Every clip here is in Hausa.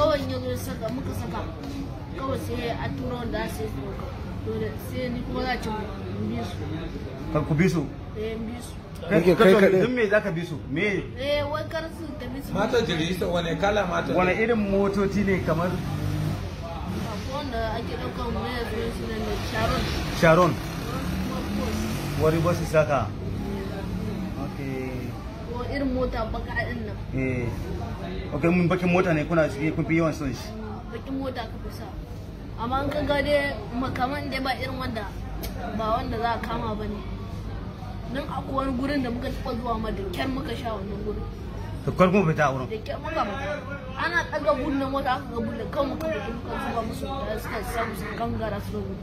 kawai ya zo saka muka saka kawai sai a turo da sai to dole sai ni kuma za ci bi su kan ku bi su eh bi su kai kai kai me zaka bi su me eh wai kar su ta bi su mata jirisa kala mata wane irin motoci ne kamar wanda ake daukan mai su ne Sharon Sharon wari boss saka eh. okay ko irin mota baka din nan eh ok mun bakin mota ne kuna cikin kun fi yawan son shi bakin mota ka fi sa amma an kaga dai makaman dai ba irin wanda ba wanda za a kama ba ne don akwai wani gurin da muka taɓa zuwa ma da kyar muka sha wannan gurin to kar kuma fita a wurin da kyar muka fita ana ɗaga mota aka ga gudun kan muka fita muka zuba musu da eh, suka samu su gangara su da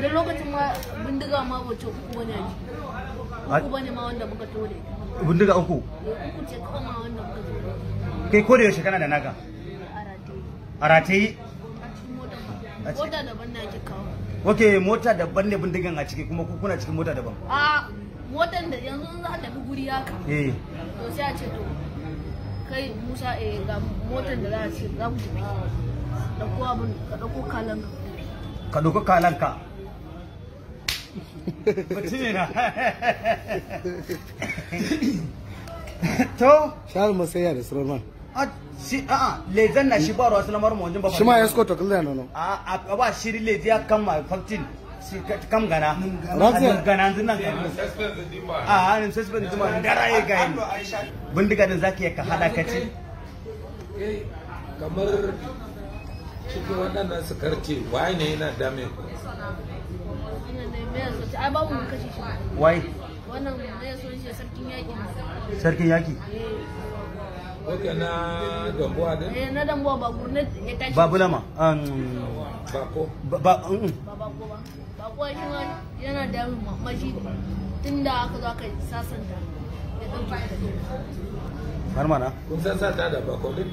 da lokacin ma bindiga ma bace uku wani a jiki uku bane ma wanda muka tore bindiga uku uku ce kawai ma wanda muka tore kai ko da yaushe kana da naka a ratayi mota daban na ke kawo ok mota daban ne bindigan a ciki kuma kuna cikin mota daban a motan da yanzu za ta bi guri haka eh. to sai a ce to kai musa eh ga motan da za a ce za mu tafi da ko ka dauko kalanka ka dauko kalanka bacci ne na to shahar masaya da sulaiman lezen na shi ba ruwa sulaiman mu ba shi ma to kullu no no a a shiri lezi ya ma faktin kam gana gana nan a hannun suspend zuma dara ya gani bindiga ka zaki ya ka hada eh, ka kamar cikin waɗannan na ne dame ai babu mu kashe shi wai wannan ne so shi sarkin yaki sarkin yaki eh. Oke na Dambuwa din? Eh na Dambuwa ba ne ya tashi. Babu lama. Um, bako. Ba um, um. ba bako ba. Bako shi ma yana da mamaji tunda aka zo aka sasanta. Ya dauke. Har mana? Kun sasanta da bako din?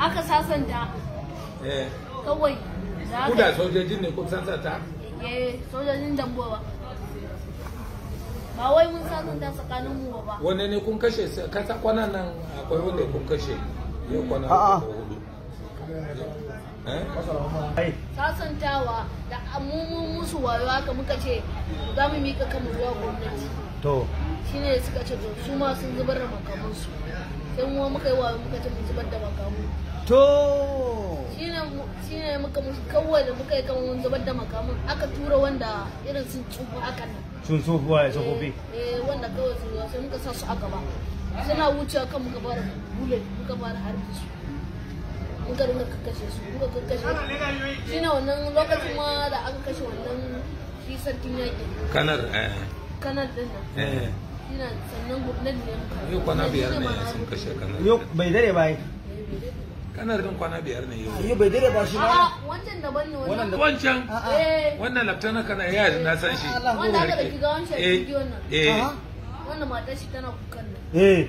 Aka sasanta. Eh. Kawai. Kuda sojojin ne kun sasanta? Eh sojojin Dambuwa ba wai mun sananta tsakanin mu ba wanne ne kun kashe kwana nan akwai wanda kun kashe Eh? sasantawa da amumun musu wayo haka muka ce za mu mika kama zuwa gwamnati to ne suka ce to su ma sun zubar da makamansu sai mu muka yi wayo muka ce mu zubar da makamu to ne muka musu kawai da muka yi kama mun zubar da makamun aka tura wanda irin sun tsufa haka nan sun tsufa ya tsofofi eh wanda kawai sun zo sai muka sa su a gaba suna wucewa kan muka fara bullet muka fara harbi su dinga kakkashe su kakkashe shi ne wannan lokacin ma da aka kashe wannan shi sarkin yaƙi kanar eh, eh. kanar din nan eh, yau kwana biyar ne sun kashe kanar yau bai dare ba kanar din kwana biyar ne yau bai dare ba shi ba wancan daban ne wannan wancan wannan laftana kana ya na san shi wanda aka dauki gawan wannan shi tana kukan nan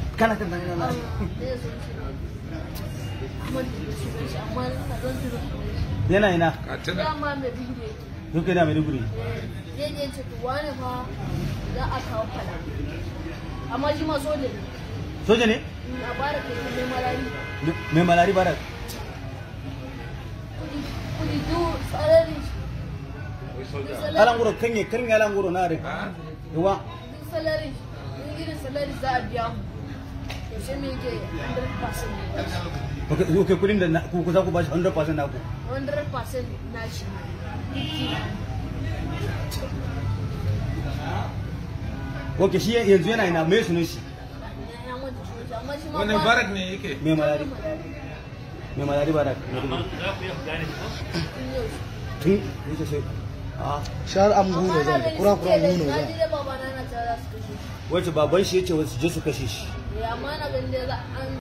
kana kan na yana ina duk yana mai ne eh, ce to wani fa za a kawo soja ne soja ne mm, a barak ne malari mai malari barak kudi du tsarin alanguro kan ya kan na da yawa salarin salari za a biya mu 100% ok da ku za ku 100% naku 100% na shi ok shi yanzu yana ina me sunan shi wani barak ne yake me malari malari barak amma za ku yi gane shi tun sai shahar an gune zan kura kura gune zan wace baban shi ce wasu je su kashe shi Mi amana, vendió la